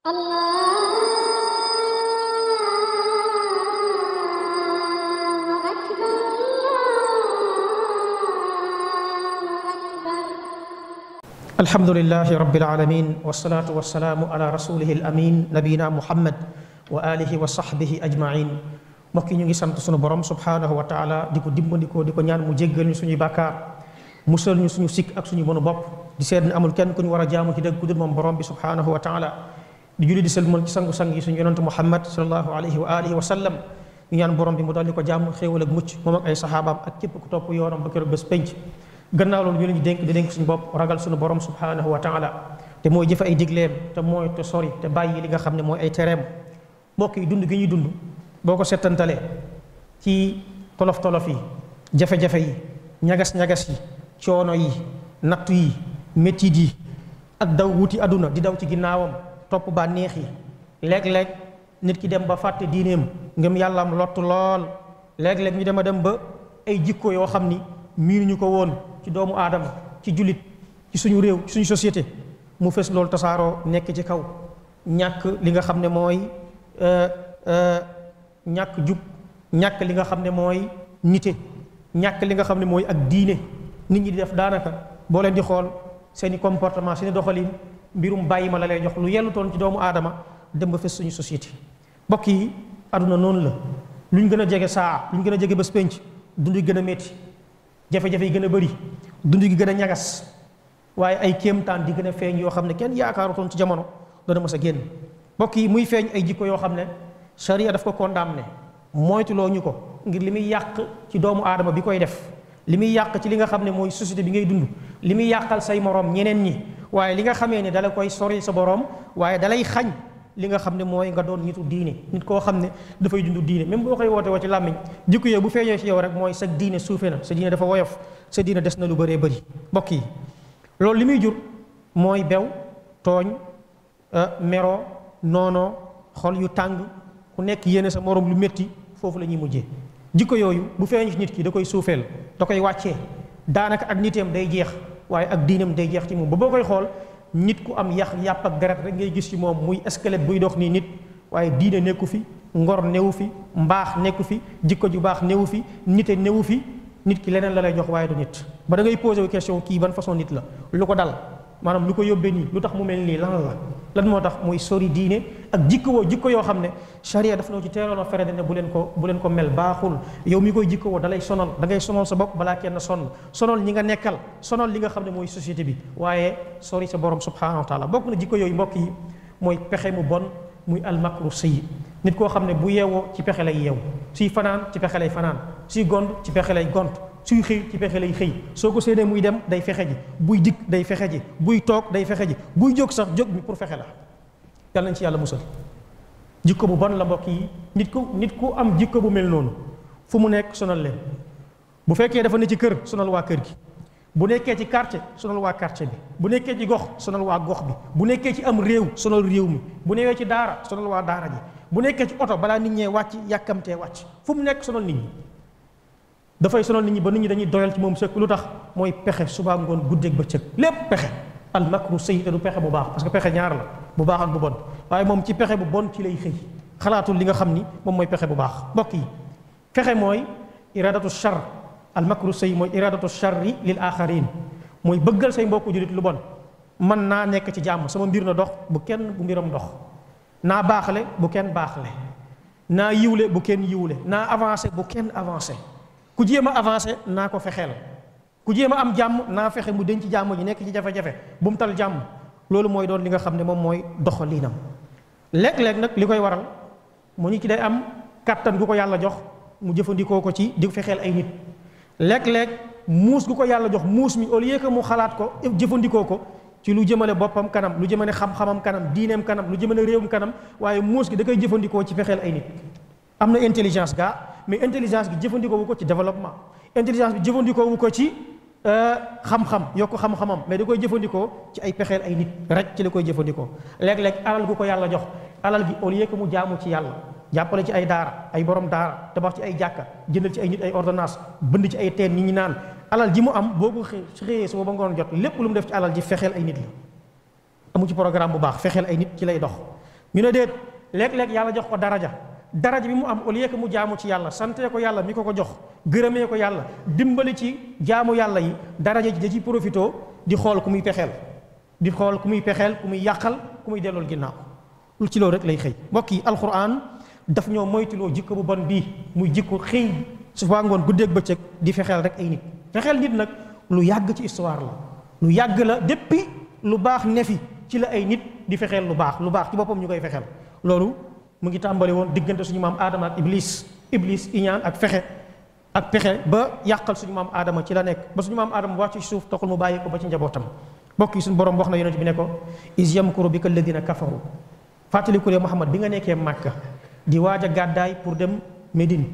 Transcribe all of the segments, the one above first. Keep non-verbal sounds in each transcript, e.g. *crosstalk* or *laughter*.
الحمد لله رب العالمين والصلاة والسلام على رسوله الأمين نبينا محمد وآله وصحبه أجمعين mbokk yi ñu ngi sant sunu borom subhaanahu wa taala di ko dimbandikoo di ko ñaan mu jéggal ñu suñuy bàkkaar musal ñu suñu sikk ak suñu mënu bopp di seet ne amul kenn ku ñu war a jaamu ci dëgg ku dul moom borom bi subhaanahu wa taala di julli di sëlmal ci sangu-sang yi suñu yonante muhammad sallallahu alayhi wa alihi wa sallam ñu ñaan borom bi mu daldi ko jàmm xéewal ak mucc moom ak ay saxaabaam ak képp ku topp yoonam ba keroog bés penc gannaaw loolu ñu leen di dénk di dénk suñu bopp ragal suñu borom subhanahu wa taala te mooy jëfe ay digleem te mooy te sori te bàyyi li nga xam ne mooy ay tereem mbokk yi dund gi ñuy dund boo ko settantalee ci tolof-tolof yi jafe-jafe yi ñagas-ñagas yi coono yi nattu yi métit yi ak daw wuti àdduna di daw ci ginnaawam topp bànneex yi léeg-léeg nit ki dem ba fàtte diineem ngëm yàlla am lottu lool léeg-léeg ñu dem a dem ba ay jikko yoo xam ni miinuñu ko woon ci doomu aadama ci jullit ci suñu réew ci suñu société mu fes loolu tasaaroo nekk ci kaw ñàkk li nga xam ne mooy euh, euh, ñàkk jub ñàkk li nga xam ne mooy nite ñàkk li nga xam ne mooy ak diine nit ñi di def daanaka boo leen di xool seeni comportement seeni doxalin mbirum bàyyi ma la lay jox lu yellutoon ci doomu aadama dem ba fes suñu société mbokk yi aduna noonu la luñ gën a jege saa luñ gën a jege bés penc dund gi gën a métti jafe-jafe yi gën a bëri dund gi gën a ñagas waaye ay kéemtaan di gën a feeñ yoo xam ne kenn yaakaarutoon ci jamono gën mës a génn mbokk yi muy feeñ ay jikko yoo xam ne charia daf ko ne moytuloo ñu ko ngir li muy yàq ci doomu aadama bi koy def li muy yàq ci li nga xam ne mooy société bi ngay dund li muy yàqal say moroom ñeneen ñi waaye li nga xamee ne dala koy sori sa boroom waaye dalay xañ li nga xam ne mooy nga doon nitu diine nit koo xam ne dafay dund diine même boo koy woote woo ci làmmiñ jikko yooyu bu feeñee ci yow rek mooy sa diine suufe na sa dafa woyof sa diine des na lu bëree bëri mbokk yi loolu li muy jur mooy bew tooñ euh, mero noonoo xol yu tàng ku nekk yéene sa morom lu métti foofu la ñuy mujjee jikko yooyu bu feeñee ci nit ki da koy suufee suufeel da koy wàccee daanaka ak niteem day jeex waaye ak diinam day jeex ci moom ba boo koy xool nit ku am yax yàpp ak deret rek ngay gis ci moom muy squelette buy dox nii nit waaye diine nekku fi ngor newu fi mbaax nekku fi jikko ju baax newu fi nite newu fi nit ki leneen la lay jox waaye du nit ba da ngay posé question kii ban façon nit la lu ko dal maanaam lu ko yóbbee nii lu tax mu mel nii lan la lan moo tax muy sori diine ak woo jikko yoo xam ne charia daf noo ci teeloon a fere ne bu leen ko bu leen ko mel baaxul yow mi koy jikkowoo da lay sonal da ngay sonal sa bopp balaa kenn sonn sonal ñi nga nekkal sonal li nga xam ne mooy société bi waaye sori sa borom subhanahu wa taala bokk na jikko yooyu mbokk yi mooy pexe mu bon muy almakru sayi nit koo xam ne bu yeewoo ci pexe lay yeew suy fanaan ci pexe lay fanaan suy gond ci pexe lay gont suy xëy ci pexe lay xëy soo ko séenee muy dem day fexe ji buy dikk day fexe ji buy toog day fexe ji buy jóg sax jóg bi pour fexe la yàlla nañ ci yàlla musal jikko bu ban la mbokk yi nit ku nit ku am jikko bu mel noonu fu mu nekk sonal leen bu fekkee dafa ne ci kër sonal waa kër gi bu nekkee ci quartier sonal waa quartier bi bu nekkee ci gox sonal waa gox bi bu nekkee ci am réew sonal réew mi bu newee ci daara sonal waa daara ji bu nekkee ci oto balaa nit ñee wàcc yàkkamtee wàcc fu mu nekk sonal nit ñi dafay sonal nit ñi ba nit ñi dañuy doyal ci moom sëkk lu tax mooy pexe subaa ngoon ba bëccëg lépp pexe al makru sayyi te du pexe bu baax parce que pexe ñaar la bu baaxal ak bu bon waaye moom ci pexe bu bon ci lay xëy xalaatul li nga xam ni moom mooy pexe bu baax mbokk yi pexe mooy iradatu char al makru sayyi mooy iradatu charri lil axarin mooy bëggal say mbokku jullit lu bon man naa nekk ci jàmm sama mbir na dox bu kenn bu mbiram dox naa baaxale bu kenn baaxle naa yiwle bu kenn yiwle naa avancé bu kenn avancé ku jéem a avancé naa ko fexeel ku jéem a am jàmm naa fexe mu denc jàmm ji nekk ci jafe-jafe bu mu tal jàmm loolu mooy doon li nga xam ne moom mooy doxalinam lekk léeg nag li koy waral mu nit ki day am kàttan gu ko yàlla jox mu jëfandikoo ko ci di fexeel ay nit lekk léeg muus gu ko yàlla jox muus mi au lieu que mu xalaat ko jëfandikoo ko ci lu jëmale boppam kanam lu jëmale xam-xamam kanam diineem kanam lu jëmale réewum kanam waaye muus gi da koy jëfandikoo ci fexeel ay nit mais intelligence bi jëfandikoo ko ci développement intelligence bi jëfandikoo wu ko ci euh, xam-xam yokk xam-xamam mais da koy jëfandikoo ci ay pexeel ay nit rek ci la koy jëfandikoo léeg-léeg alal gu ko yàlla jox alal gi au lieu que mu jaamu ci yàlla jàppale ci ay daara ay borom daara tabax ci ay jàkka jëndal ci ay ay ordonnance bënd ci ay teen nit ñi naan alal ji mu am boo ko xëyee suba ba ngoon jot lépp lu mu def ci alal ji fexeel ay nit amu ci programme bu baax fexeel ay nit ci lay dox yàlla jox ko daraja daraja bi mu am au lieu que mu jaamu ci yàlla santee ko yàlla mi ko ko jox gërëmee ko yàlla dimbali ci jaamu yàlla yi daraja ji da ci profito di xool ku muy pexeel di xool ku muy pexeel ku muy yàqal ku muy dellool ginnaaw lu ci loolu rek lay xëy mbokk yi alxuraan daf ñoo moytuloo jikko bu bon bii muy jikko xëy suba ngoon guddeeg bëccëg di fexeel rek ay nit fexeel nit nag lu yàgg ci histoire la lu yàgg la depuis lu baax nefi ci la ay nit di fexeel lu baax lu baax ci boppam ñu koy fexeel loolu mu ngi tàmbali woon diggante suñu maam aadama ak iblis iblis iñaan ak fexe ak pexe ba yàqal suñu maam aadama ci la nekk ba suñu maam aadama wàcc ci suuf taxul mu bàyyi ko ba ci njabootam mbokk yi suñu borom wax na yonent bi ne ko is yamkuru bika alladina kafaru fàttalikule Muhammad bi nga nekkee Màkka di waaj a gàddaay pour dem Médine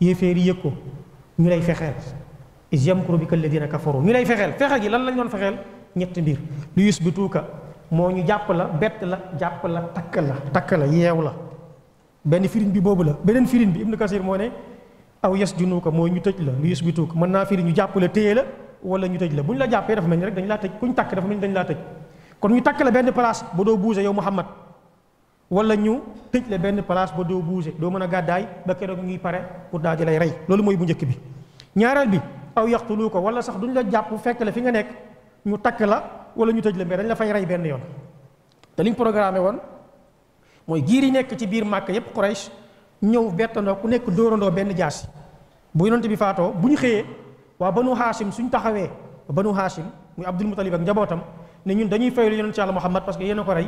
yéeféeri yëg ko ñu lay fexeel is yamkuru bika alladina kafaru ñu lay fexeel fexe gi lan lañ doon fexeel ñetti mbir lu yusbituuka moo ñu jàpp la bett la jàpp la takk la takk la yeew la benn firin bi boobu la beneen firin bi ibnu kasir moo ne aw yes junu ko mooy ñu tëj la lu yes bi tuuk mën naa firi ñu jàpp la téye la wala ñu tëj la bu ñu jàppee dafa mel rek dañ laa tëj ku ñu takk laa tëj kon ñu takk la benn place ba doo bougé yow Muhammad wala ñu tëj la benn place ba doo bougé doo mën a gàddaay ba keroog ngi pare pour daal di lay rey loolu mooy bu njëkk bi ñaareel bi aw yaqtulu ko wala sax duñ la jàpp fekk la fi nga nekk ñu takk la wala ñu tëj la mais dañ la fay rey benn yoon te liñ programmé woon mooy giir yi nekk ci biir màkk yépp Quraysh ñëw bettandoo ku nekk dóorandoo benn jaasi bu yonent bi faatoo bu ñu xëyee waa banu Haashim suñ taxawee banu Haashim muy Abdul Muttalib ak njabootam ne ñun dañuy faylu yonent ci Yàlla Muhammad parce que yéen ko rey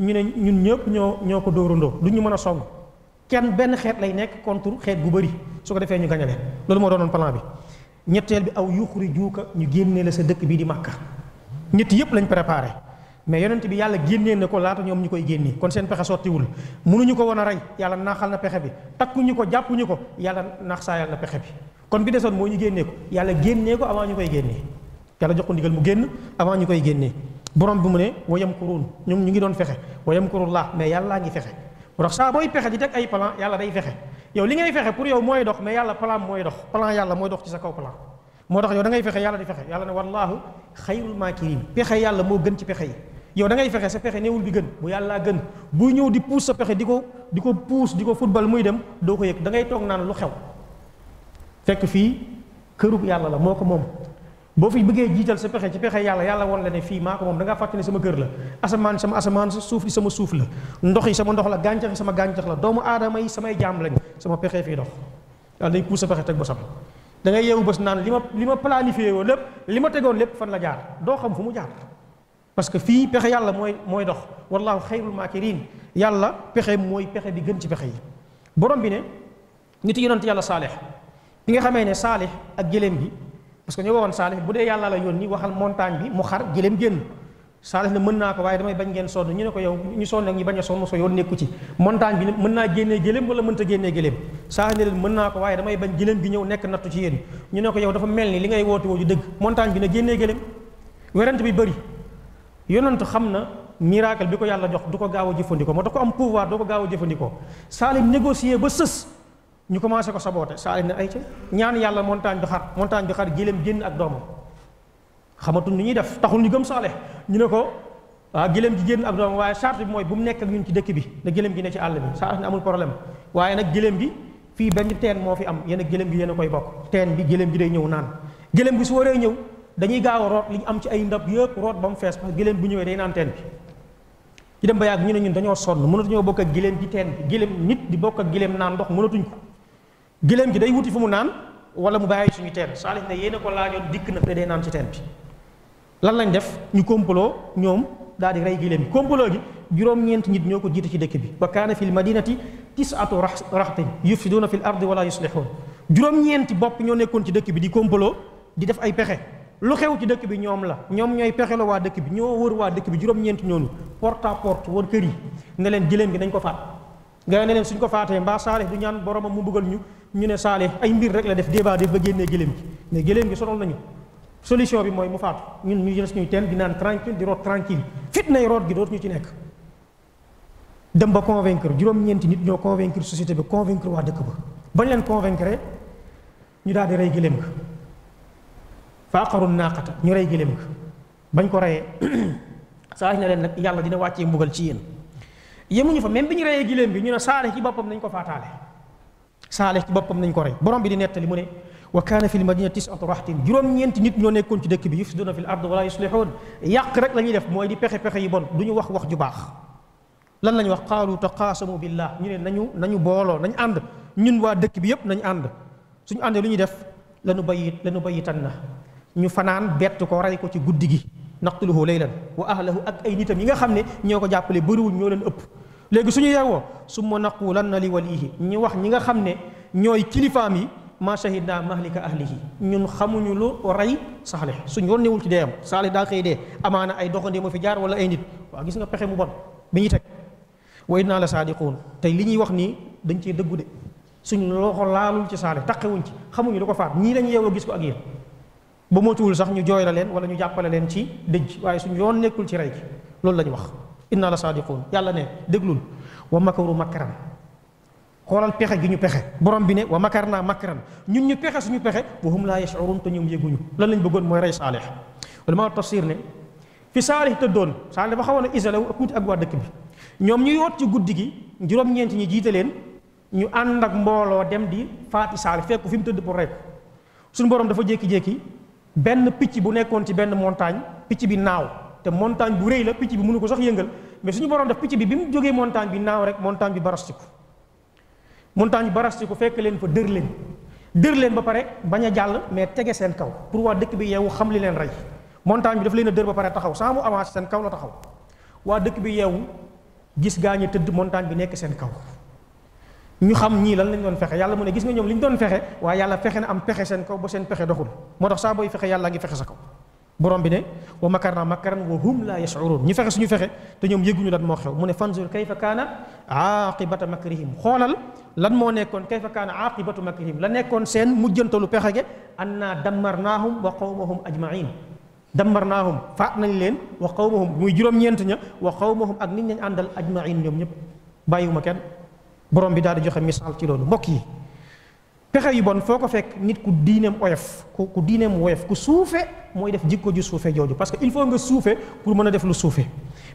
ñu ne ñun ñëpp ñoo ñoo ko dóorandoo du ñu mën a song kenn benn xeet lay nekk contre xeet gu bëri su ko defee ñu gañale loolu moo doonoon plan bi ñetteel bi aw yuxrijuuka ñu génnee la sa dëkk bii di Makka ñett yëpp lañ préparé. mais yonent bi yàlla génnee na ko laata ñoom ñu koy génnee kon seen pexe sottiwul mënuñu ko woon a rey yàlla naaxal na pexe bi takkuñu ko jàppuñu ko yàlla naax saayal na pexe bi kon bi desoon moo ñu génnee ko yàlla génnee ko avant ñu koy génnee yàlla jox ko ndigal mu génn avant ñu koy génnee borom bi mu ne wayam kuruun ñoom ñu ngi doon fexe wayam kurullaa mais yàllaa ngi fexe moo tax saa booy pexe di teg ay plan yàlla day fexe yow li ngay fexe pour yow mooy dox mais yàlla plan mooy dox plan yàlla mooy dox ci sa kaw ngay fexe yàlla di fexe yàlla ne wallaahu xayrul moo gën ci pexe yi yow dangay fexe sa pexe newul bi gën bu yàllaa gën buy ñëw di puus sa pexe di ko di ko puus di ko football muy dem doo ko yëg da ngay toog naan lu xew fekk fii këru yàlla la moo ko moom boo fi bëggee jiital sa pexe ci pexe yàlla yàlla woon la ne fii maa ko moom da ngaa fàtte sama kër la asamaan sama asamaan sa suuf di sama suuf la ndox yi sama ndox la gàncax yi sama gàncax la doomu aadama yi samay jaam lañ sama pexe fii dox yàlla day puus sa pexe teg ba sam da ngay yeewu bés naan li ma li ma planifié woon lépp li ma tegoon lépp fan la jaar doo xam fu mu jaar parce que fii pexe yàlla mooy mooy dox wallahu xayrul maakirin yàlla pexe mooy pexe bi gën ci pexe yi borom bi ne nit yonent yàlla saalix bi nga xamee ne saalix ak gëléem bi parce que ñoo waxoon saalix bu dee yàlla la yónni waxal montagne bi mu xar gëléem génn saalix ne mën naa ko waaye damay bañ ngeen sonn ñu ne ko yow ñu sonn ak ñu bañ a sonn so yoon nekku ci montagne mën naa génnee gëléem mënta génnee gëléem saalix ne mën naa ko waaye damay bañ gëléem gi ñëw nekk nattu ci yéen ñu ne ko yow dafa mel ni li ngay woote wooju dëgg montagne bi ne génnee gëléem werante bi bëri yonantu xam na miracle bi ko yàlla jox du ko gaaw a jëfandikoo moo tax ko am pouvoir doo ko gaaw a jëfandikoo Saalim négocier ba sës ñu commencé ko saboote Saalim ne ay ca ñaan yàlla montagne bi xar montagne bi xar gileem génn ak doomam xamatuñ lu ñuy def taxul ñu gëm Saalix ñu ne ko waaw ah, gileem gi génn ak doomam waaye charte bi mooy bu mu nekk ak ñun ci dëkk bi na gileem gi ne ci àll bi Saalix ne amul problème waaye nag gileem gi fii benn teen moo fi am yéen a gi yéen a koy bokk teen bi gileem gi day ñëw naan gileem dañuy gaaw a root li ñu am ci ay ndab yëpp root ba mu fees parce que giléem bu ñëwee day naan teen bi ci dem ba yàgg ñu ne ñun dañoo sonn mënatuñoo bokk ak giléem ci teen bi giléem nit di bokk ak giléem naan ndox mënatuñ ko giléem gi day wuti fu mu naan wala mu bàyyi suñu teen saalih ne yéen a ko laajoon dikk na te day naan ci teen bi lan lañu def ñu complot ñoom daal di rey giléem bi complot juróom ñeenti nit ñoo ko jiite ci dëkk bi wa kaana fi l madinati tisatu raxtin yufsiduuna fi l ardi wala yuslixuun juróom-ñeenti bopp ñoo nekkoon ci dëkk bi di complot di def ay pexe lu xew ci dëkk bi ñoom la ñoom ñooy pexelu waa dëkk bi ñoo wër waa dëkk bi juróom-ñeenti ñooñu porte à porte wër kër yi ne leen jëléem gi nañ ko faat nga ne leen suñ ko faatee mbaa saalix du ñaan boromam mu bëggal ñu ñu ne saalix ay mbir rek la def débat def ba génnee jëléem gi mais jëléem gi sonal nañu solution bi mooy mu faatu ñun ñu jël suñuy teen di naan tranquille di root tranquille fitnay root gi dootu ñu ci nekk dem ba convaincre juróom-ñeenti nit ñoo convaincre société bi convaincre waa dëkk ba bañ leen convaincre ñu daal di rey gëléem ga fa aqaru naaqata ñu rey gëléem ga bañ ko reyee *clears throat* saalix na leen nag yàlla dina wàccee mbugal ci yéen yemuñu fa même bi ñu reyee gëléem bi ñu ne saalix ci boppam nañ ko faataale saalix ci boppam nañ ko rey borom bi di nettali mu ne wa kaana fi l madina tisatu juróom-ñeenti nit ñoo nekkoon ci dëkk bi yufsiduna fi l ard wala yuslihuun yàq rek la ñuy def mooy di pexe-pexe yi bon du ñu wax wax ju baax lan la ñu wax qaalu taqaasamu billah ñu ne nañu nañu booloo nañ ànd ñun waa dëkk bi yëpp nañ ànd suñu àndee lu ñuy def lanu bayit lanu bayitan na ñu fanaan bett ko rey ko ci guddi gi naqtuluhu laylan wa ahlahu ak ay nitam yi nga xam ne ñoo ko jàppale bëriwuñ ñoo leen ëpp léegi suñu yeewoo summa naqulanna li walihi ñu wax ñi nga xam ne ñooy kilifaam yi ma shahidna mahlika ahlihi ñun xamuñu lu rey saalix suñ yoon newul ci deeyam saalix daa xëy de amaana ay doxandee ma fi jaar wala ay nit waaw gis nga pexe mu bon bi ñuy teg wa naa la saadiquun tey li ñuy wax nii dañ cee dëggu de suñ loxo laalul ci saalix taqewuñ ci xamuñu lu ko faat ñii lañ yeewoo gis ko ak yéen ba moytuwul sax ñu jooy la leen wala ñu jàppale leen ci dëj waaye suñu yoon nekkul ci rey gi loolu la ñu wax inna la saadiquun yàlla ne déglul wa makaru makaran xoolal pexe gi ñu pexe borom bi ne wa makar naa makaran ñun ñu pexe suñu pexe wa hum laa yashurun te ñoom yëguñu lan lañ bëggoon mooy rey saalix wala ma tafsir ne fi saalix tëddoon saalix dafa xawoon a isolé wu ak tuuti ak waa dëkk bi ñoom ñu yoot ci guddi gi juróom-ñeent ñi leen ñu ànd ak mbooloo dem di faati saalix fekk fi mu tëdd pour rey suñu borom dafa jékki-jékki benn picc bu nekkoon ci benn montagne picc bi naaw te montagne bu rëy la picc bi mënu ko sax yëngal mais suñu borom def picc bi bi mu jógee montagne bi naaw rek montagne bi barastiku montagne bi fekk leen fa dër leen dër leen ba pare bañ a jàll mais tege seen kaw pour waa dëkk bi yeewu xam li leen rey montagne bi daf leen dër ba pare taxaw sans mu avancer seen kaw la taxaw waa dëkk bi yeewu gis ñi tëdd montagne bi nekk seen kaw ñu xam ñii lan lañ doon fexe yàlla mu ne gis nga ñoom li ñu doon fexe waaye yàlla fexe na am pexe seen kaw ba seen pexe doxul moo tax saa booy fexe yàlla ngi fexe sa kaw borom bi ne wa makarna makaran wa hum la yash'urun ñu fexe suñu fexe te ñoom yëguñu lan moo xew mu ne fanzur kayfa kaana aqibata makrihim xoolal lan moo nekkoon kayfa kaana aqibatu makrihim la nekkoon seen mujjantalu pexe ge anna dammarnaahum wa qawmahum ajmain dammarnaahum faat nañ leen wa qawmahum muy juróom-ñeent ña wa qawmahum ak nit ñañ àndal ajmain ñoom ñëpp bàyyiwuma kenn borom bi daal di joxe misaal ci loolu mbokk yi pexe yu bon foo ko fekk nit ku diineem oyof ku ku diineem woyof ku suufe mooy def jikko ju suufe jooju parce que il faut nga suufe pour mën a def lu suufe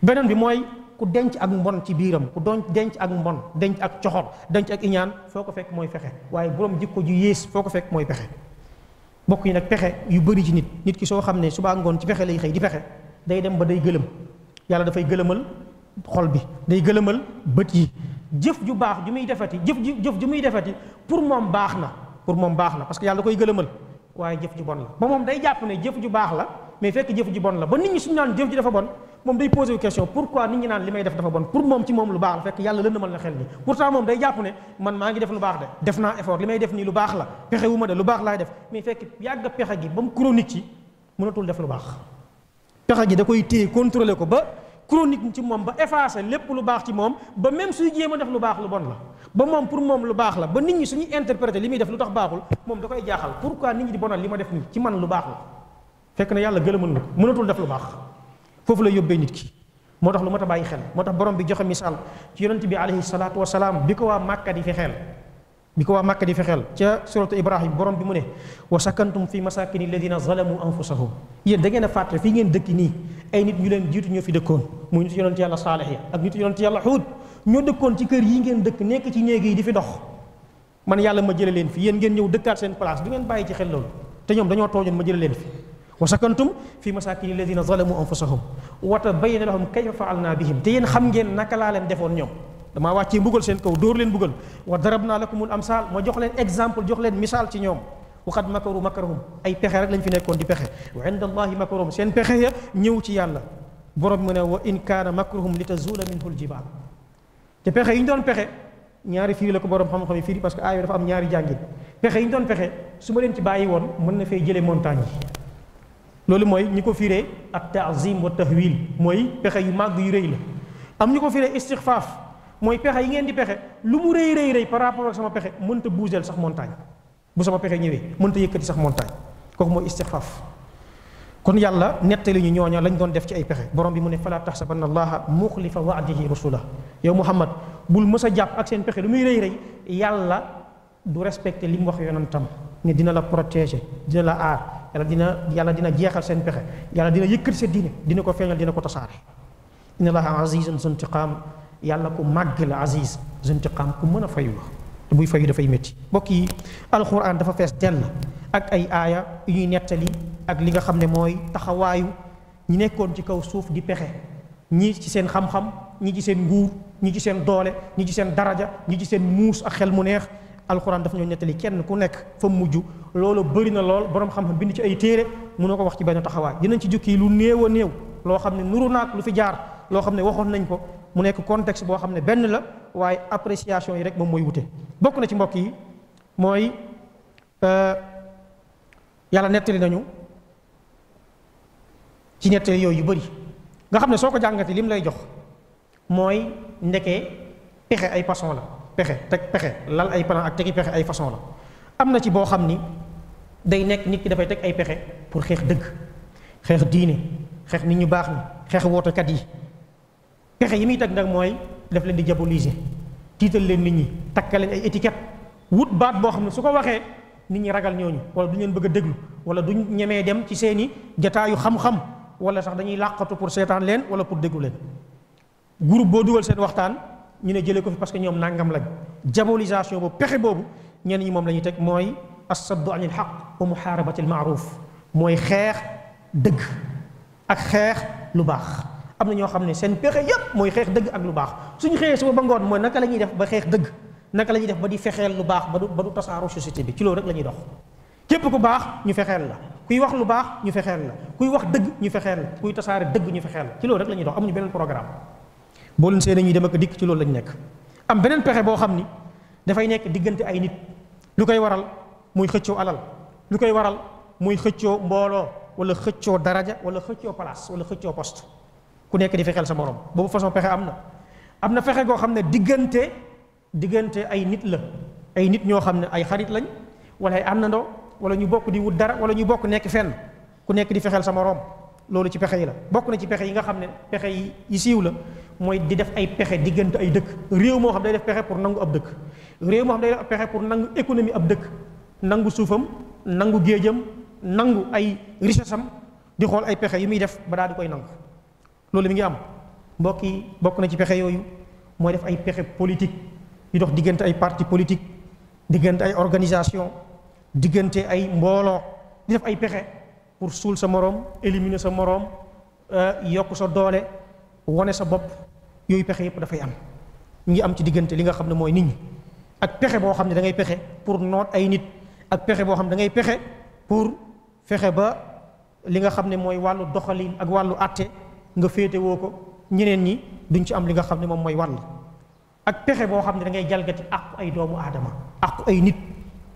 beneen bi mooy ku denc ak mbon ci biiram ku don denc ak mbon denc ak coxor denc ak iñaan foo ko fekk mooy fexe waaye borom jikko ju yées foo ko fekk mooy pexe mbokk yi nag pexe yu bëri ci nit nit ki soo xam ne suba ngoon ci pexe lay xëy di pexe day dem ba day gëlëm yàlla dafay gëlëmal xol bi day gëlëmal bët yi jëf ju baax ju muy defati jëf ju jëf ju muy defati pour moom baax na pour moom baax na parce que yàlla koy gëlëmal waaye jëf ju bon la ba moom day jàpp ne jëf ju baax la mais fekk jëf ju bon la ba naan jëf ji dafa bon moom na xel ni pourtant moom day jàpp ne man maa ngi def lu baax de def naa effort li may def nii lu baax la pexe de lu baax laay def mais fekk yàgg pexe gi ba mu chronique ci mënatul def lu baax pexe gi da koy téye contrôlé ko ba chronique ci moom ba effacé lépp lu baax ci moom ba même suy jéem a def lu baax lu bon la ba moom pour moom lu baax la ba nit ñi suñuy interprété li muy def lu tax baaxul moom da koy jaaxal pourquoi nit ñi di bonal li ma def nii ci man lu baax la fekk na yàlla gëlëmal na ko mënatul def lu baax foofu la yóbbee nit ki moo tax lu ma a bàyyi xel moo tax borom bi joxe misaal ci yonent bi alayhi salaatu salaam bi ko waa màkka di fi xel bi ko waa Màkka di fexeel ca suratu Ibrahim borom bi mu ne wa fi masakini alladina zalamu anfusahum a fii ngeen dëkki nii nit leen jiitu ñoo fi dëkkoon muy nit yonent yàlla saalix ya ak nit yonent dëkk nekk ci néeg di fi dox ma jële leen fi yéen ngeen ñëw dëkkaat seen place du ngeen bàyyi ci xel loolu te ñoom dañoo tooñoon ma jële leen fi wa sakantum fi masakini alladina zalamu anfusahum wa tabayyana lahum kayfa faalna bihim xam ngeen naka laa leen defoon ñoom damaa wàccee mbugal seen kaw dóor leen mbugal wa darab naa lakumul amsaal ma jox leen exemple jox leen misaal ci ñoom waxat makaru makarahum ay pexe rek lañ fi nekkoon di pexe wa inda allahi seen pexe ya ñëw ci yàlla borom mu doon pexe ñaari firi la ko borom xam-xam yi firi parce que aaya dafa am ñaari jàngin pexe yi ñu doon pexe ma leen ci bàyyi woon mën na fee jëlee montagne yi loolu mooy ñi ko firee at taazim wa tahwil mooy pexe yu màgg yu rëy la am ñu ko firee istixfaaf mooy pexe yi ngeen di pexe lu mu rëy rëy rëy par rapport ak sama pexe mënta buuseel sax montagne bu sama pexe ñëwee mënta yëkkati sax montagne kooku mooy istixfaaf kon yàlla nettali ñu ñooña lañ doon def ci ay pexe borom bi mu ne falaa taxsabanna allaha muxlifa waadihi rasula yow muhammad bul mës a jàpp ak seen pexe lu muy rëy rëy yàlla du respecté li mu wax yonentam ne dina la protéger dina la aar yàlla dina yàlla dina jeexal seen pexe yàlla dina yëkkati sa diine dina ko feeñal dina ko tasaare yàlla ku màgg la Aziz zuntiqaam ku mën a fayu la te buy fayu dafay métti mbokk yi alxuraan dafa fees dell ak ay aaya yu ñuy nettali ak li nga xam ne mooy taxawaayu ñu nekkoon ci kaw suuf di pexe ñii ci seen xam-xam ñi ci seen nguur ñi ci seen doole ñi ci seen daraja ñi ci seen muus ak xel mu neex alxuraan dafa ñoo nettali kenn ku nekk fa mujj loolu bari na lool borom xam-xam bind ci ay téere mënoo ko wax ci benn taxawaay dinañ ci jukki lu néew a néew loo xam ne nuru naag lu fi jaar loo xam ne waxoon nañ ko mu nekk contexte boo xam ne benn la waaye appréciation yi rek moom mooy wute bokk na ci mbokk yi mooy euh, yàlla nettali nañu ci nettali yooyu yu bëri nga xam ne soo ko jàngatee lim lay jox mooy ndekee pexe ay façon la pexe teg pexe lal ay plan ak tegi pexe ay façon la am na ci boo xam ni day nekk nit ki dafay teg ay pexe pour xeex dëgg xeex diine xeex nit ñu baax ni xeex wootekat yi pexe yi muy teg nag mooy def leen di diaboliser tiital leen nit ñi takkal leen ay étiquette wut baat boo xam ne su ko waxee nit ñi ragal ñooñu wala duñ leen bëgg a déglu wala duñ ñemee dem ci seeni jataayu xam-xam wala sax dañuy làqatu pour seetaan leen wala pour déglu leen groupe boo dugal seen waxtaan ñu ne jëlee ko fi parce que ñoom nangam lañ diabolisation boobu pexe boobu ñenn ñi moom la ñuy teg mooy asaddu anil xaq wa muxaarabatil maaruf mooy xeex dëgg ak xeex lu baax am na ñoo xam ne seen pexe yépp mooy xeex dëgg ak lu baax suñu xëyee suba ba ngoon mooy naka la ñuy def ba xeex dëgg naka la ñuy def ba di fexeel lu baax ba du ba du tasaaru société bi ci loolu rek la ñuy dox képp ku baax ñu fexeel la kuy wax lu baax ñu fexeel la kuy wax dëgg ñu fexeel la kuy tasaare dëgg ñu fexeel la ci loolu rek la ñuy dox amuñu beneen programme boo leen seen ñuy dem ak dikk ci loolu lañu nekk am beneen pexe boo xam ni dafay nekk diggante ay nit lu koy waral muy xëccoo alal lu koy waral muy xëccoo mbooloo wala xëccoo daraja wala xëccoo place wala xëccoo poste ku nekk di fexeel sa morom boobu façon pexe am na am na fexe goo xam ne diggante diggante ay nit la ay nit ñoo xam ne ay xarit lañ wala ay àndandoo wala ñu bokk di wut dara wala ñu bokk nekk fenn ku nekk di fexeel sa morom loolu ci pexe yi la bokk na ci pexe yi nga xam ne pexe yi siiw la mooy di def ay pexe diggante ay dëkk réew moo xam day def pexe pour nangu ab dëkk réew moo xam day def pexe pour nangu économie ab dëkk nangu suufam nangu géejam nangu ay richesse am di xool ay pexe yi muy def ba di koy nangu loolu mi ngi am mbokk yi bokk na ci pexe yooyu mooy def ay pexe politique yu dox diggante ay parti politique diggante ay organisation diggante ay mbooloo di def ay pexe pour suul sa moroom éliminer sa moroom euh, yokk sa doole wane sa bopp yooyu pexe yëpp dafay am ñu ngi am ci diggante li nga xam ne mooy nit ñi ak pexe boo xam ne da ngay pexe pour noot ay nit ak pexe boo xam ne da ngay pexe pour fexe ba li nga xam ne mooy wàllu doxalin ak wàllu àtte nga féete woo ko ñeneen ñi duñ ci am li nga xam ne moom mooy wàll ak pexe boo xam ne da ngay jalgati àqu ay doomu aadama àqu ay nit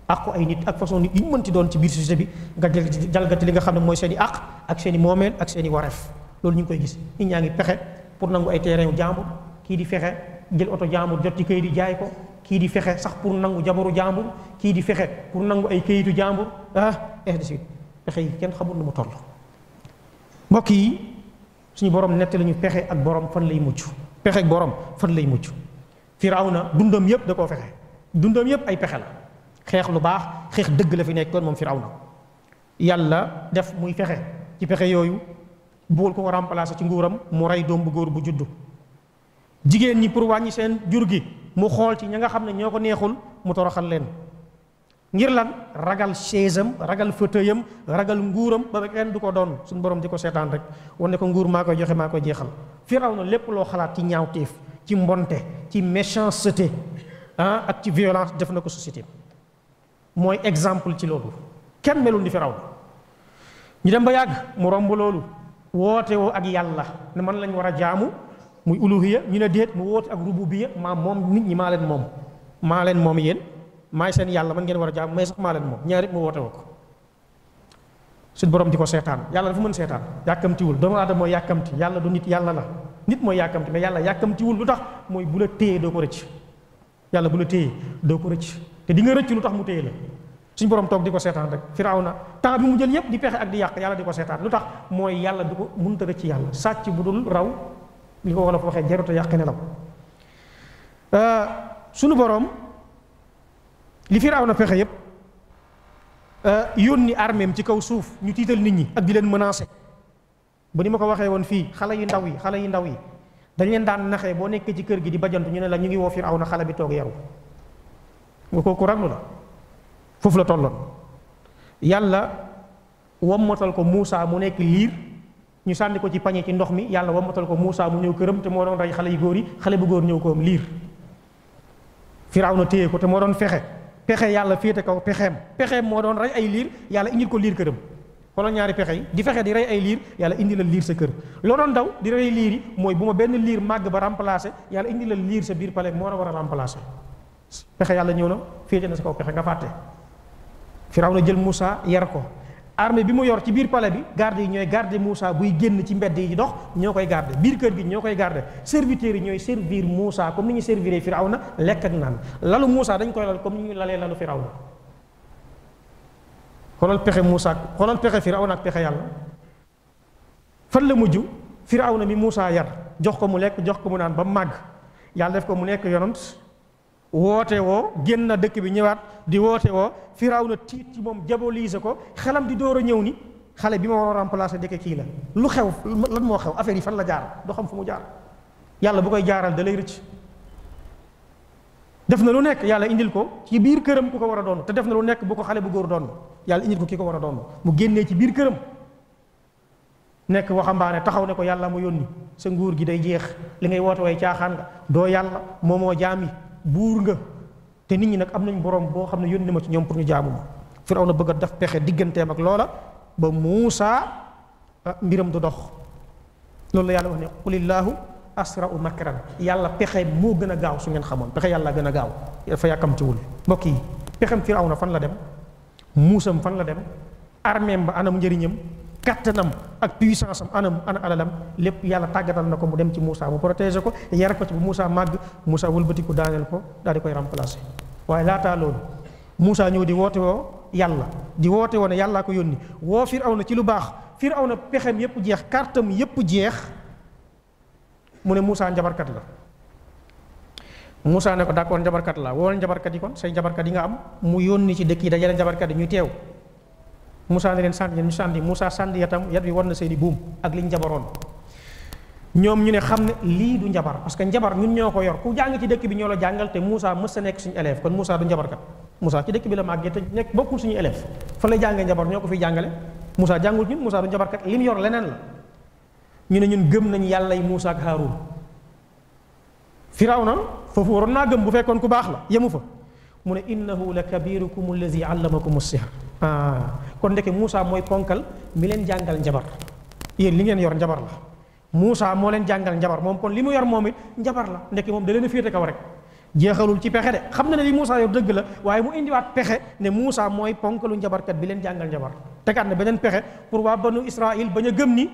àqu ay nit ak façon nit yi mënti doon ci biir société bi nga jalgati li nga xam ne mooy seen i àq ak seen i moomeel ak seen i wareef loolu ñu ngi koy gis nit ñaa ngi pexe pour nangu ay terrain yu kii di fexe jël oto jàmbur jot ci këyit di jaay ko kii di fexe sax pour nangu jabaru jàmbur kii di fexe pour nangu ay këyitu jàmbur ah ainsi de suite pexe suñu borom nettali ñu pexe ak borom fan lay mucc pexe ak borom fan lay mucc Firawna dundam yëpp da koo fexe dundam yëpp ay pexe la xeex lu baax xeex dëgg la fi nekkoon moom Firawna yàlla def muy fexe ci pexe yooyu bëggul ko ko remplacer ci nguuram mu rey doom bu góor bu juddu jigéen ñi pour wàññi seen jur gi mu xool ci ña nga xam ne ñoo ko neexul mu toroxal leen. ngir lan ragal chaise am ragal fauteuil am ragal nguuram ba kenn du ko doon suñu borom di ko seetaan rek wane ko nguur maa koy joxe maa koy jeexal na lépp loo xalaat ci ñaaw ñaawteef ci mbonte ci méchanceté ah ak ci violence def na ko société mooy exemple ci loolu kenn melul ni Firawna ñu dem ba yàgg mu romb loolu woote woo ak yàlla ne man lañu war a jaamu muy uluhiya ñu ne déet mu woote ak rububiya maa moom nit ñi maa leen moom maa leen moom yéen maay seen yàlla man ngeen war a jaam mais sax maa leen moom ñaar it mu woote ko suñ borom di ko seetaan yàlla dafa mën seetaan yàkkamtiwul doomu aadama mooy yàkkamti yàlla du nit yàlla la nit mooy yàkkamti mais yàlla yàkkamtiwul lu tax mooy bu la téye doo ko rëcc yàlla bu la téye doo ko rëcc te di nga rëcc lu tax mu téye la suñ borom toog di ko seetaan rek firawna temps bi mu jël yépp di pexe ak di yàq yàlla di ko seetaan lu tax mooy yàlla du ko mënta rëcc yàlla sàcc bu dul raw li ko la wolof waxee jarut a ne nelaw euh, suñu borom li na fexe yëpp euh, yónni arméem ci kaw suuf ñu tiital nit ñi ak di leen menacer bu ni ma ko waxee woon fii xale yu ndaw yi xale yu ndaw yi dañ leen daan naxee boo nekkee ci kër gi di bajantu ñu ne la ñu ngi woo na xale bi toog yaru nga kooku raglu la foofu la tolloon yàlla wammatal ko muusaa mu nekk liir ñu sànni ko ci pañe ci ndox mi yàlla wammatal ko muusaa mu ñëw këram te moo doon rey xale yu góor yi xale bu góor ñëw ko am liir Firawna téye ko te moo doon fexe. pexe yàlla féete kaw pexeem pexeem moo doon rey ay liir yàlla indil ko liir këram xoolal ñaari pexe yi di fexe di rey ay liir yàlla indi la liir sa kër loo doon daw di rey liir yi mooy bu ma benn liir màgg ba remplacer yàlla indi la liir sa biir pale moo la war a remplacer pexe yàlla ñëw na féete na sa kaw pexe nga fàtte na jël Moussa yar ko armée bi mu yor ci biir palais bi garde yi ñooy garde Moussa buy génn ci mbedd yi dox ñoo koy garde biir kër gi ñoo koy garde serviteurs yi ñooy servir Moussa comme ni ñu serviré Firawna lekk ak naan lalu Moussa dañ koy lal comme ni ñu lalee lalu Firawna xoolal pexe Moussa xoolal pexe Firawna ak pexe yàlla fan la mujj na mi Moussa yar jox ko mu lekk jox ko mu naan ba màgg yàlla def ko mu nekk yonant woote woo génn na dëkk bi ñëwaat di woote woo na tiit ci moom diaboliser ko xelam di door a ñëw ni xale bi ma war a remplacer dëkk kii la lu xew lan moo xew affaire yi fan la jaar doo xam fu mu jaar yàlla bu koy jaaral rëcc def na lu nekk yàlla indil ko ci biir këram ku ko war a doon te def na lu nekk bu ko xale bu góor doon yàlla indil ko ki ko war a doon mu génnee ci biir këram nekk waxambaane taxaw ne ko yàlla mu yónni sa nguur gi day jeex li ngay woote way caaxaan nga doo yàlla moomoo jaam yi buur nga te nit ñi nag am nañ borom boo xam ne yónni ma ci ñoom pour ñu jaamu ma Firawna bëgg a def pexe digganteem ak loola ba Muusaa ah, mbiram du dox loolu la yàlla wax ne qulillaahu asrau makran yàlla pexe moo gën a gaaw su ngeen xamoon pexe yàlla gën a gaaw dafa yàkkamtiwul mbokk yi pexem na fan la dem muusam fan la dem armeem ba anam njëriñam kattanam ak puissance am anam ana alalam lépp yàlla tàggatal na ko mu dem ci Moussa mu protéger ko yar ko ci bu Moussa màgg Moussa wëlbatiku daaneel ko daal di koy remplacer waaye laataa loolu Moussa ñëw di woote woo yàlla di woote woo ne yàllaa ko yónni woo aw Firawna ci lu baax aw Firawna pexem yépp jeex kartam yépp jeex mu ne Moussa njabarkat la Moussa ne ko d'accord njabarkat la woo njabarkat yi kon say njabarkat yi nga am mu yónni ci dëkk yi dajale njabarkat yi ñu teew Moussa ne leen sànni ñu sànni Moussa sànni yatam yat bi war na seen i buum ak liñ jabaroon ñoom ñu ne xam ne lii du njabar parce que njabar ñun ñoo ko yor ku jàng ci dëkk bi ñoo la jàngal te Moussa mës sa nekk suñu élève kon Moussa du njabarkat Moussa ci dëkk bi la màggee te nekk bokkul suñu élève fa lay jàngee njabar ñoo ko fiy jàngale Moussa jàngul ñun Moussa du njabarkat li mu yor leneen la ñu ne ñun gëm nañ yàlla yi Moussa ak Haroun na foofu waroon naa gëm bu fekkoon ku baax la yemu fa mu ne innahu la kabirukum allazi allamakum sihr ah, kon ndeke Moussa mooy ponkal mi leen jàngal njabar yéen li ngeen yor njabar la Moussa moo leen jàngal njabar moom kon li mu yor moom it njabar la ndeke moom da leen a féete kaw rek jeexalul ci pexe de xam na ne li Moussa yor dëgg la waaye mu indiwaat pexe ne Moussa mooy ponkalu njabarkat bi leen jàngal njabar tegaat na beneen pexe pour waa banu Israël bañ a gëm ni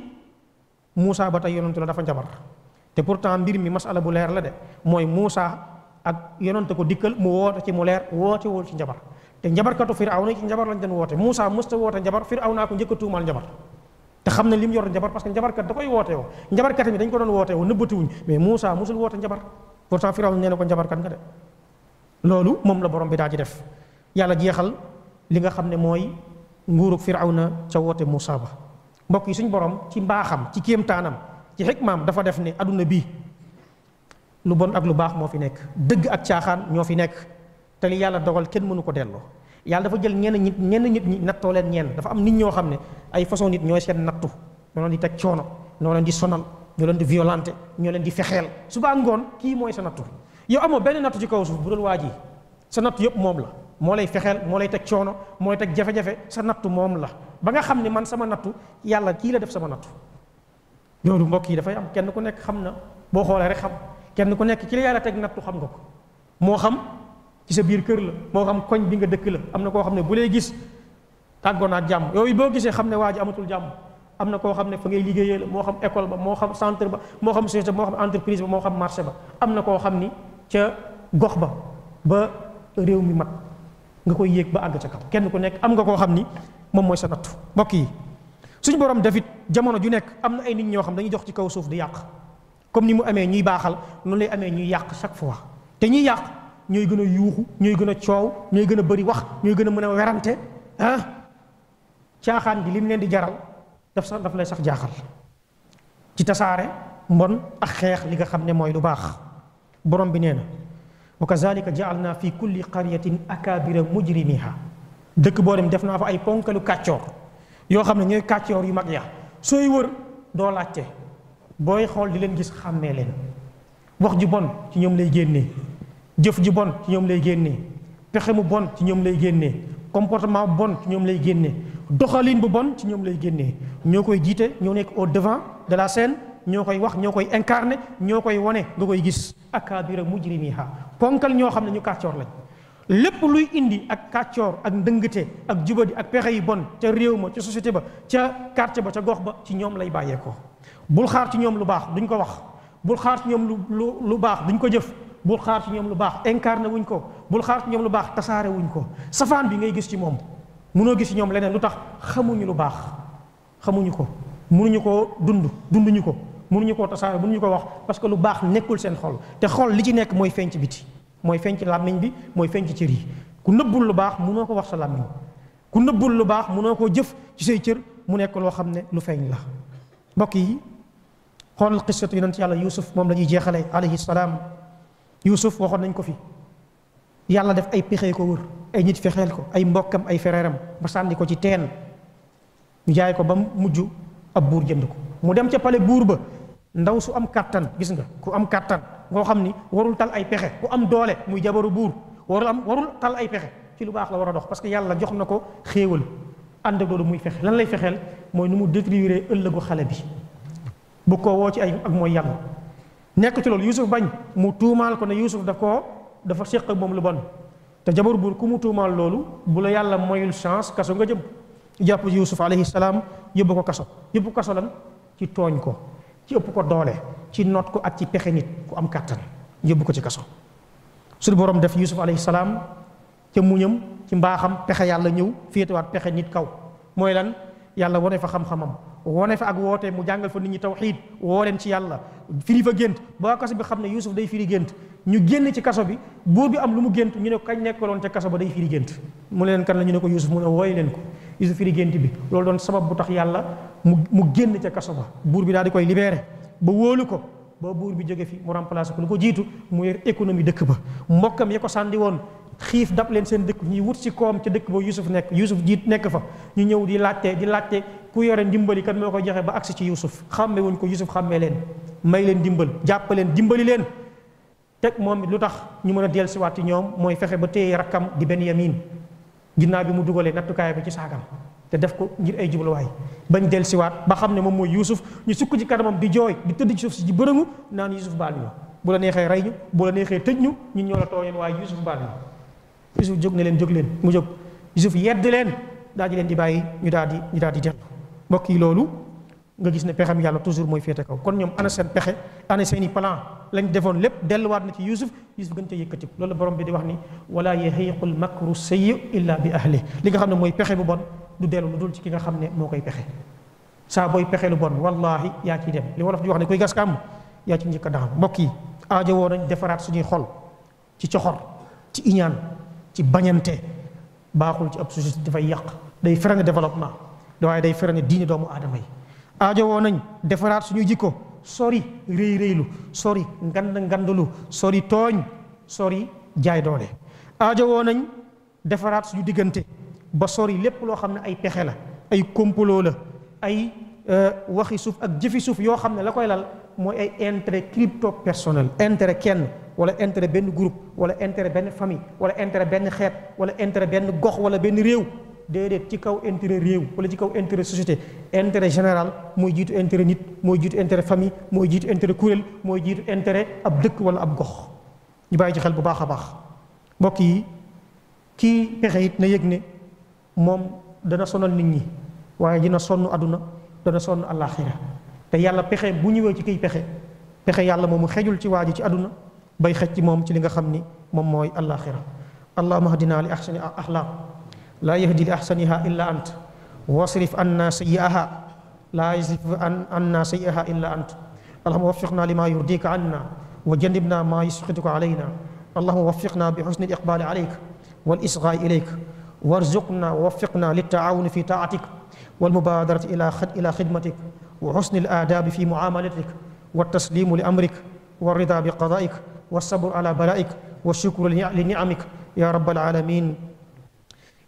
Moussa ba tey yonantu la dafa njabar te pourtant mbir mi masala bu leer la de ak yonante ko dikkal mu woote ci mu leer woote woo ci njabar te njabarkatu firawna ci njabar lañ doon woote Moussa mësta woote njabar firawnaa ko njëkk a tuumaal njabar te xam na mu yor njabar parce que njabarkat da koy woote woo njabarkat mi dañ ko doon woote woo nëbbatiwuñ mais Moussa musul woote njabar pourtant firawna nee na ko njabarkat nga de loolu moom la borom bi daa ji def yàlla jeexal li nga xam ne mooy nguurug na ca woote Moussa ba mbokk yi suñ borom ci mbaaxam ci kéemtaanam ci xikmaam dafa def ne adduna bii lu bon ak lu baax moo fi nekk dëgg ak caaxaan ñoo fi nekk te li yàlla dogal kenn mënu ko delloo yàlla dafa jël ñenn ñit ñenn nit ñi nattoo leen ñeen dafa am nit ñoo xam ne ay façon nit ñooy seen nattu ñoo leen di teg coono ñoo leen di sonal ñoo leen di violenté ñoo leen di fexeel suba ngoon kii mooy sa nattu yow amoo benn nattu ci kaw suuf bu dul waa ji sa nattu yëpp moom la moo lay fexeel moo lay teg coono moo lay teg jafe-jafe sa nattu moom la ba nga xam ne man sama nattu yàlla kii la def sama nattu loolu mbokk yi dafay am kenn ku nekk xam na boo xoolee rek xam kenn ku nekk ci la yàlla teg nattu xam nga ko moo xam sa biir kër la moo xam koñ bi nga dëkk la am na koo xam ne bu lay gis tàggoon ak jàmm yooyu boo gisee xam ne waa ji amatul jàmm am na koo xam ne ngay liggéeyee moo xam école ba moo xam centre ba moo xam société moo xam entreprise ba moo xam marché ba am na koo xam ni ca gox ba ba réew mi mat nga koy yéeg ba àgg ca kaw kenn ku nekk am nga koo xam ni moom mooy sa nattu mbokk yi suñu borom defit jamono ju nekk am na ay nit ñoo xam dañuy jox ci kaw suuf di yàq comme ni mu amee ñuy baaxal noonu lay amee ñuy yàq chaque fois te ñuy yàq ñooy gën a yuuxu ñooy gën a coow ñooy gën a bari wax ñooy gën a mën a werante ah caaxaan bi lim leen di jaral daf sax daf lay sax jaaxal ci tasaare mbon ak xeex li nga xam ne mooy lu baax borom bi nee na wa kazalika jaalna fi kulli qaryatin akabira mujrimiha dëkk boo dem def naa fa ay ponkalu kàccoor yoo xam ne ñooy kàccoor yu mag ya sooy wër doo laajte booy xool di leen gis xàmmee leen wax ju bon ci ñoom lay génne jëf ju bon ci ñoom lay génne pexe mu bon ci ñoom lay génnee comportement bon ñoom lay génnee doxalin bu bon ci ñoom lay génnee ñoo koy jiite ñoo nekk au devant de la scène ñoo koy wax ñoo koy incarné ñoo koy wane nga koy gis ak akaabira mujrimiha ponkal ñoo xam ne ñu kàccoor lañ lépp luy indi ak kàccoor ak ndëngte ak jubadi ak pexe yi bon ca réew ma ca société ba ca quartier ba ca gox ba ci ñoom lay bàyyeekoo. bul xaar ci ñoom lu baax duñ ko wax bul xaar ci ñoom lu lu lu baax duñ ko jëf bul xaar ci ñoom lu baax incarné wuñ ko bul xaar ci ñoom lu baax tasaare wuñ ko safaan bi ngay gis ci moom munoo gis ci ñoom leneen lu tax xamuñu lu baax xamuñu ko mënuñu koo dund dunduñu ko munuñu koo tasaare mënuñu ko wax parce que lu baax nekkul seen xol te xol li ci nekk mooy feeñ ci biti mooy feeñ làmmiñ bi mooy fenc ci cër yi ku nëbbul lu baax mënoo ko wax sa làmmiñ ku nëbbul lu baax mënoo koo jëf ci mu nekk loo xam ne lu feeñ la mbokk yi xoolal xisatu yonent yàlla Yuusuf moom la ñuy jeexale alayhi salaam Yuusuf waxoon nañ ko fi yàlla def ay pexe ko wër ay nit fexeel ko ay mbokkam ay fereeram ba sànni ko ci teen ñu jaay ko ba mu mujj ab buur jënd ko mu dem ca pale buur ba ndaw su am kàttan gis nga ku am kàttan ngoo xam ni warul tal ay pexe ku am doole muy jabaru buur warul am warul tal ay pexe ci lu baax la war a dox parce que yàlla jox na ko xéewal ànd ak muy fexe lan lay fexeel mooy nu mu détruire ëllëgu xale bi bu ko woo ci ay ak mooy yàgg nekk ci loolu Yuusuf bañ mu tuumaal ko ne Yuusuf daf koo dafa séq ak moom lu bon te jabar buur ku mu tuumaal loolu bu la yàlla moyul chance kaso nga jëm jàpp Yuusuf alayhi salaam yóbbu ko kaso yóbbu ko kaso lan ci tooñ ko ci ëpp ko doole ci noot ko ak ci pexe nit ku am kàttan yóbbu ko ci kaso su borom def Yuusuf alayhi salaam ca muñam ci mbaaxam pexe yàlla ñëw féetewaat pexe nit kaw mooy lan yàlla wane fa xam-xamam wane fa ak woote mu jàngal fa nit ñi tawxiid woo leen ci yàlla firi fa gént ba kaso bi xam ne Yuusuf day firi gént ñu génn ci kaso bi buur bi am lu mu gént ñu ne kañ nekkaloon ca kaso ba day firi gént mu leen kan la ñu ne ko Yuusuf mu ne wooy leen ko Yuusuf firi gént bi loolu doon sabab bu tax yàlla mu mu génn ca kaso ba buur bi daal di koy libéré ba wóolu ko ba buur bi jóge fi mu remplacé ko lu ko jiitu mu yor économie dëkk ba mbokkam ya ko sàndi woon xiif dab leen seen dëkk ñuy wut si koom ca dëkk ba Yuusuf nekk Yuusuf jiit nekk fa ñu ñëw di laajte di laajte ku yore ndimbali kan moo koy joxe ba agsi ci Yuusuf xàmme wuñ ko Yuusuf xàmmee leen may leen dimbal jàppaleen dimbali leen teg moom lu tax ñu mën a dellu siwaat ci ñoom mooy fexe ba téye rakkam di Benyamin ginnaaw bi mu dugalee nattukaay bi ci saakam te def ko ngir ay jubluwaay bañ dellu siwaat ba xam ne moom mooy Yuusuf ñu sukk ci kanamam di jooy di ci suuf si ci bërëngu naan Yuusuf baal bu la neexee rey ñu bu la neexee tëj ñu ñun ñoo la tooñoon waaye Yuusuf baal ñu Yusuf jóg ne leen jóg leen mu jóg Yusuf yedd leen daal di leen di bàyyi ñu daal di ñu daal di dellu mbokk yi loolu nga gis ne pexem yàlla toujours mooy féete kaw kon ñoom ana seen pexe ana seen i plan lañ defoon lépp delluwaat na ci Yusuf Yusuf gën ca yëkkati loolu borom bi di wax ni wala yahiqul makru sayyi illa bi ahli li nga xam ne mooy pexe bu bon du dellu lu dul ci ki nga xam ne moo koy pexe saa booy pexe lu bon wallahi yaa ciy dem li wolof di wax ne kuy gas kàmm yaa ci njëkk a mbokk yi aajo woo nañ defaraat suñuy xol ci coxor ci iñaan ci bañante baaxul ci ab société dafay yàq day freiner développement waaye day freiner diine doomu aadama yi aajo woo nañ defaraat suñu jikko sori réy réylu sori ngand ngandalu sori tooñ sori jaay doole aajo woo nañ defaraat suñu diggante ba sori lépp loo xam ne ay pexe la ay complot la ay euh, waxi suuf ak jëfi suuf yoo xam ne la koy lal mooy ay intérêt crypto personnel intérêt kenn wala intérêt benn group wala intérêt benn famille wala intérêt benn xeet wala intérêt benn gox wala benn réew déedéet ci kaw intérêt réew wala ci kaw intérêt société intérêt général mooy jiitu intérêt nit mooy jiitu intérêt famille mooy jiitu intérêt kuréel mooy jiitu intérêt ab dëkk wala ab gox ñu bàyyi ci xel bu baax a baax mbokk yi kii pexe it na yëg ne moom dana sonal nit ñi waaye dina sonn àdduna dana sonn àllaaxira te yàlla pexe bu ñëwee ci kiy pexe pexe yàlla moomu xejul ci waa ji ci àdduna bay xej ci moom ci li nga xam ni moom mooy allaaxira allahuma ahdinaa li axsani axlaaq laa yahdi li axsaniha illa ant wasrif anna sayyi'aha laa yasrif anna sayyi'aha illa ant allahuma waffiqnaa li maa yurdika anna wa janibnaa maa yusqituka alayna allahuma waffiqnaa bi xusni l iqbaali alayk wal isgaa ilayk warzuqnaa wa waffiqnaa li taawuni fi taatik wal mubaadarati ila xidmatik wa xusni al aadaabi fi muamalatik wa taslimu li amrik wa rida bi qadaik wa sabr ala balaik wa shukru li niamik ya rab alalamin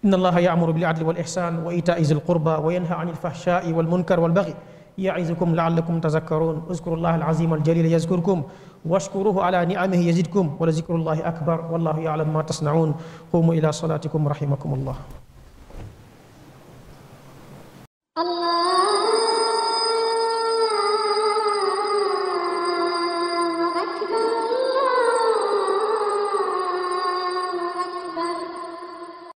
إن الله يأمر بالعدل والإحسان وإيتاء ذي القربى وينهى عن الفحشاء والمنكر والبغي يعظكم لعلكم تذكرون اذكروا الله العظيم الجليل يذكركم واشكروه على نعمه يزدكم ولذكر الله أكبر والله يعلم ما تصنعون قوموا إلى صلاتكم رحمكم الله الله